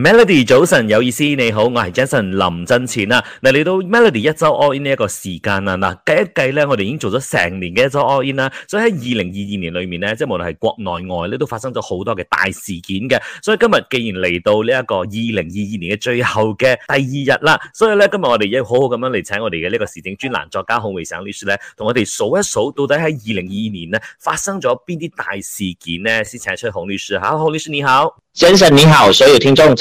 Melody 早晨有意思你好，我係 Jason 林振前啊，嗱嚟到 Melody 一周 all in 呢一個時間啊嗱計一計咧，我哋已經做咗成年嘅一周 all in 啦，所以喺二零二二年裏面咧，即係無論係國內外咧都發生咗好多嘅大事件嘅，所以今日既然嚟到呢一個二零二二年嘅最後嘅第二日啦，所以咧今日我哋要好好咁樣嚟請我哋嘅呢個時政專欄作家孔維省律師咧，同我哋數一數到底喺二零二二年咧發生咗邊啲大事件咧，先請出孔律師，好，孔律師你好，Jason 你好，所有聽眾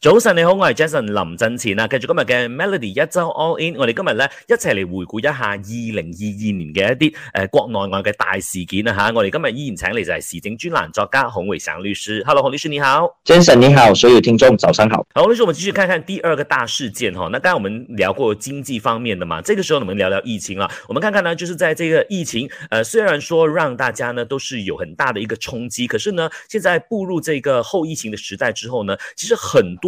早晨你好，我係 Jason 林振前啊，繼續今日嘅 Melody 一周 All In，我哋今日呢一齊嚟回顧一下二零二二年嘅一啲誒國內外嘅大事件啊吓，我哋今日依然請嚟就係時政專欄作家洪維祥律師，Hello，洪律師你好，Jason 你好。所有聽眾早上好，好，洪律師，我們繼續看看第二個大事件哈，那剛才我們聊過經濟方面的嘛，這個時候我們聊聊疫情啦，我們看看呢，就是在這個疫情，呃雖然說讓大家呢都是有很大的一個衝擊，可是呢，現在步入這個後疫情嘅時代之後呢，其實很多。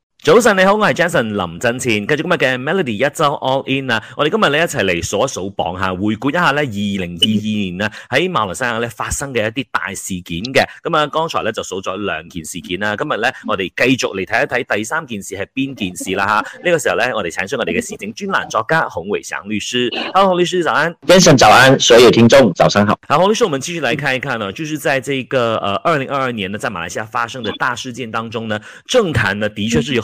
早晨你好，我係 Jason 林振前，繼續今日嘅 Melody 一周 All In 啊，我哋今日咧一齊嚟數一數榜吓，回顧一下咧二零二二年啊喺馬來西亞咧發生嘅一啲大事件嘅，咁啊剛才咧就數咗兩件事件啦，今日咧我哋繼續嚟睇一睇第三件事係邊件事啦吓，呢個時候咧我哋請出我哋嘅時政專欄作家孔維祥律師，Hello 律師早安，Jason 早安，所有聽眾早上好，好，律師，我們繼續嚟看一看了，就是在這個誒二零二二年呢，在馬來西亞發生嘅大事件當中呢，政壇呢的確是有。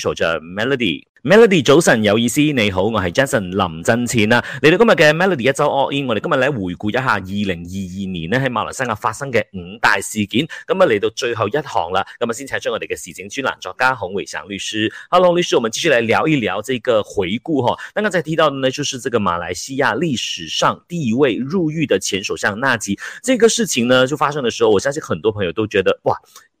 說着 melody，melody melody, 早晨有意思，你好，我係 Jason 林真錢啦。嚟到今日嘅 melody 一周 all in，我哋今日嚟回顧一下二零二二年咧喺馬來西亞發生嘅五大事件。咁啊嚟到最後一項啦，咁啊先請出我哋嘅時政專欄作家孔維祥律師，Hello，律師，我哋接住嚟聊一聊呢個回顧哈。那剛,剛才提到的呢，就是這個馬來西亞歷史上第一位入獄嘅前首相納吉，呢、這個事情呢就發生嘅時候，我相信很多朋友都覺得哇。